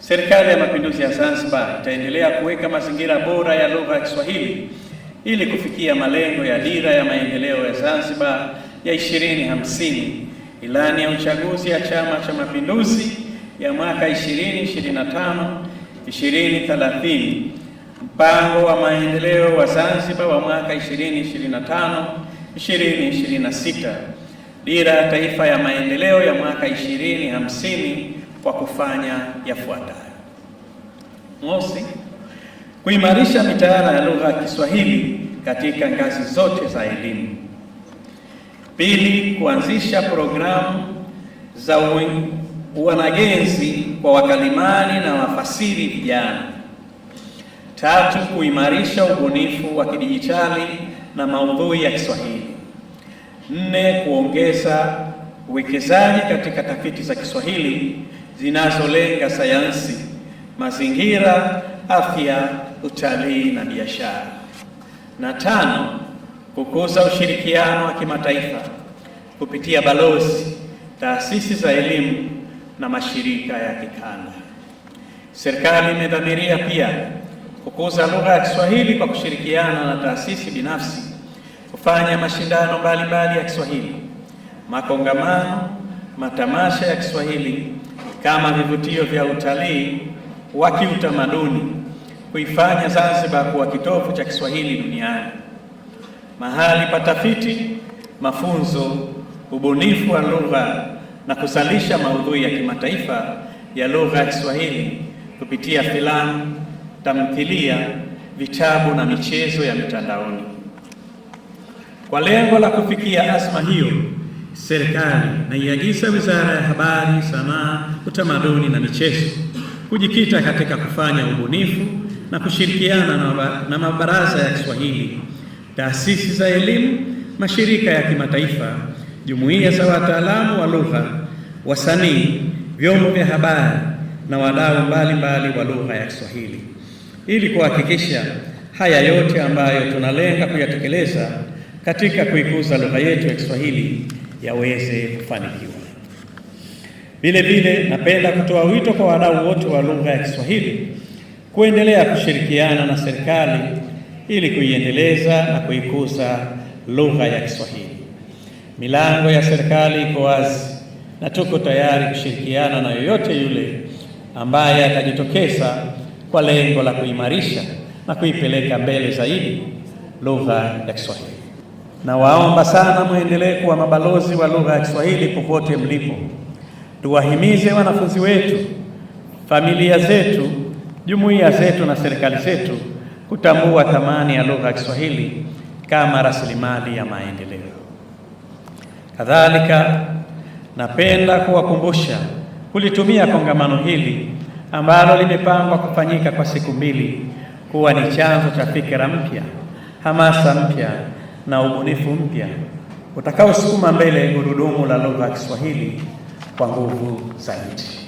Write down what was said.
Serikali ya Mapinduzi ya Zanzibar itaendelea kuweka mazingira bora ya lugha ya Kiswahili ili kufikia malengo ya Dira ya Maendeleo ya Zanzibar ya 2050, Ilani ya Uchaguzi ya Chama cha Mapinduzi ya mwaka 2025 2030, Mpango wa Maendeleo wa Zanzibar wa mwaka 2025 2026, Dira ya Taifa ya Maendeleo ya mwaka 2050 kwa kufanya yafuatayo: mosi, kuimarisha mitaala ya lugha ya Kiswahili katika ngazi zote za elimu; pili, kuanzisha programu za uwanagenzi kwa wakalimani na wafasiri vijana; tatu, kuimarisha ubunifu wa kidijitali na maudhui ya Kiswahili; nne, kuongeza uwekezaji katika tafiti za Kiswahili zinazolenga sayansi, mazingira, afya, utalii na biashara. Na tano, kukuza ushirikiano wa kimataifa kupitia balozi, taasisi za elimu na mashirika ya kikanda. Serikali imedhamiria pia kukuza lugha ya Kiswahili kwa kushirikiana na taasisi binafsi kufanya mashindano mbalimbali ya Kiswahili, makongamano, matamasha ya Kiswahili kama vivutio vya utalii wa kiutamaduni kuifanya Zanzibar kuwa kitovu cha Kiswahili duniani, mahali pa tafiti, mafunzo, ubunifu wa lugha na kuzalisha maudhui ya kimataifa ya lugha ya Kiswahili kupitia filamu, tamthilia, vitabu na michezo ya mitandaoni. Kwa lengo la kufikia azma hiyo, serikali naiagiza Wizara ya Habari, Sanaa utamaduni na michezo, kujikita katika kufanya ubunifu na kushirikiana na mabaraza ya Kiswahili, taasisi za elimu, mashirika ya kimataifa, jumuiya za wataalamu wa lugha, wasanii, vyombo vya habari na wadau mbalimbali wa lugha ya Kiswahili ili kuhakikisha haya yote ambayo tunalenga kuyatekeleza katika kuikuza lugha yetu ya Kiswahili yaweze kufanikiwa. Vile vile napenda kutoa wito kwa wadau wote wa lugha ya Kiswahili kuendelea kushirikiana na serikali ili kuiendeleza na kuikuza lugha ya Kiswahili. Milango ya serikali iko wazi na tuko tayari kushirikiana na yoyote yule ambaye atajitokeza kwa lengo la kuimarisha na kuipeleka mbele zaidi lugha ya Kiswahili. Nawaomba sana mwendelee kuwa mabalozi wa lugha ya Kiswahili popote mlipo tuwahimize wanafunzi wetu, familia zetu, jumuiya zetu na serikali zetu kutambua thamani ya lugha ya Kiswahili kama rasilimali ya maendeleo. Kadhalika, napenda kuwakumbusha kulitumia kongamano hili ambalo limepangwa kufanyika kwa siku mbili kuwa ni chanzo cha fikra mpya, hamasa mpya na ubunifu mpya utakaosukuma mbele gurudumu la lugha ya Kiswahili kwa nguvu zaidi.